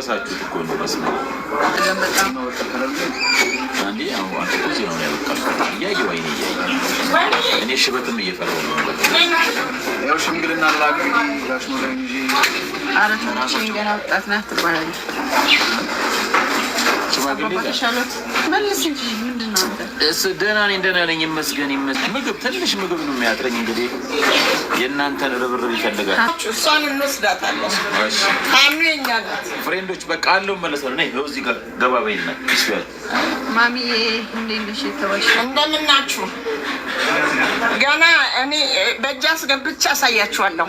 የቀመሳችሁት እኮ ነው መስለ እኔ ሽበትም እየፈለው ነው ያው ሽምግልና ናት ትባላለች ሽማግሌ መልስ እንጂ ምን እሱ ደህና ነኝ ደህና ነኝ፣ ይመስገን ይመስገን። ምግብ ትንሽ ምግብ ነው የሚያጥረኝ። እንግዲህ የእናንተን ርብርብ ይፈልጋል። እሷን እንወስዳታለን። ታኑ የኛ ናት። ፍሬንዶች በቃ አለው መለሰ ነ እዚህ ጋር ገባ ና ይስያል ማሚ እንዴት የተባሽ እንደምናችሁ ገና እኔ በእጅ አስገብቼ አሳያችኋለሁ።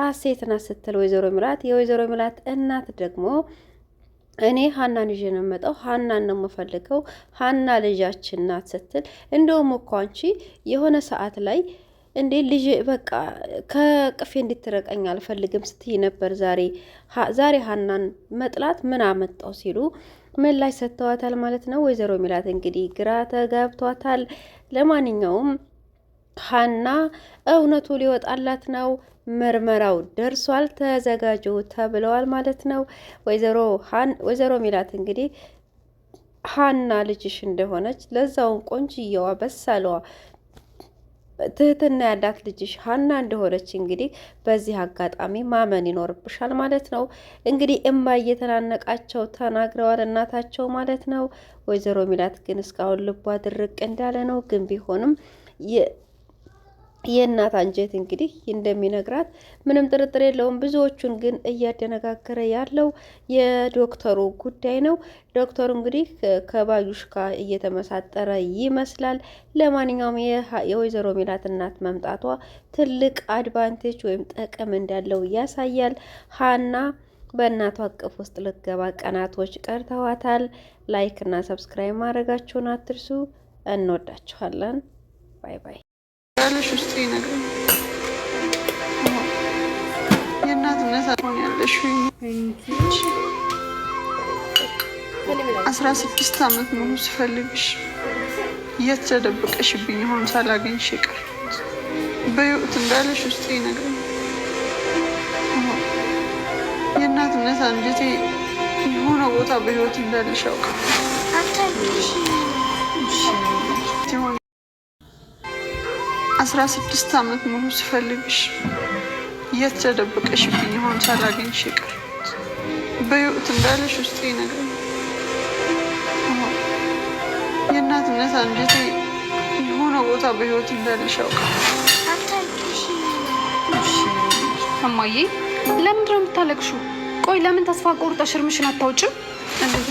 ሀሴት ናት ስትል ወይዘሮ ምላት የወይዘሮ ምላት እናት ደግሞ እኔ ሀናን ይዤ ነው የምመጣው፣ ሀናን ነው የምፈልገው፣ ሀና ልጃችን ናት ስትል እንደውም እኮ አንቺ የሆነ ሰዓት ላይ እንዴ ልጅ በቃ ከቅፌ እንድትረቀኝ አልፈልግም ስትይ ነበር። ዛሬ ዛሬ ሀናን መጥላት ምን አመጣው ሲሉ ምላሽ ሰጥተዋታል ማለት ነው። ወይዘሮ ሚላት እንግዲህ ግራ ተጋብቷታል። ለማንኛውም ሀና እውነቱ ሊወጣላት ነው። ምርመራው ደርሷል፣ ተዘጋጁ ተብለዋል ማለት ነው። ወይዘሮ ሚላት እንግዲህ ሀና ልጅሽ እንደሆነች ለዛውም ቆንጅየዋ በሳለዋ ትህትና ያላት ልጅሽ ሀና እንደሆነች እንግዲህ በዚህ አጋጣሚ ማመን ይኖርብሻል ማለት ነው። እንግዲህ እማ እየተናነቃቸው ተናግረዋል እናታቸው ማለት ነው። ወይዘሮ ሚላት ግን እስካሁን ልቧ ድርቅ እንዳለ ነው። ግን ቢሆንም የእናት አንጀት እንግዲህ እንደሚነግራት ምንም ጥርጥር የለውም። ብዙዎቹን ግን እያደነጋገረ ያለው የዶክተሩ ጉዳይ ነው። ዶክተሩ እንግዲህ ከባዩሽ ጋር እየተመሳጠረ ይመስላል። ለማንኛውም የወይዘሮ ሜላት እናት መምጣቷ ትልቅ አድቫንቴጅ ወይም ጥቅም እንዳለው ያሳያል። ሀና በእናቷ አቅፍ ውስጥ ልትገባ ቀናቶች ቀርተዋታል። ላይክ እና ሰብስክራይብ ማድረጋችሁን አትርሱ። እንወዳችኋለን። ባይ ባይ። እንደሆነሽ ውስጥ ይነግረኝ። የእናትነት ሆን ያለሽ አስራ ስድስት ዓመት ሙሉ ስፈልግሽ የት ተደብቀሽብኝ ይሆን ሳላገኝሽ የቀረሁት በሕይወት እንዳለሽ ውስጥ ይነግረኝ። የእናትነት አንጀቴ የሆነ ቦታ በህይወት እንዳለሽ ያውቃል። አስራ ስድስት ዓመት ሙሉ ስፈልግሽ የት ተደብቀሽ ይሆን ሳላገኝሽ የቀረሁት በሕይወት እንዳለሽ ውስጤ ነገር የእናትነት አንጀቴ የሆነ ቦታ በሕይወት እንዳለሽ ያውቃል። እማዬ ለምንድን ነው የምታለቅሹ? ቆይ ለምን ተስፋ ቆርጠሽ እርምሽን አታውጭም?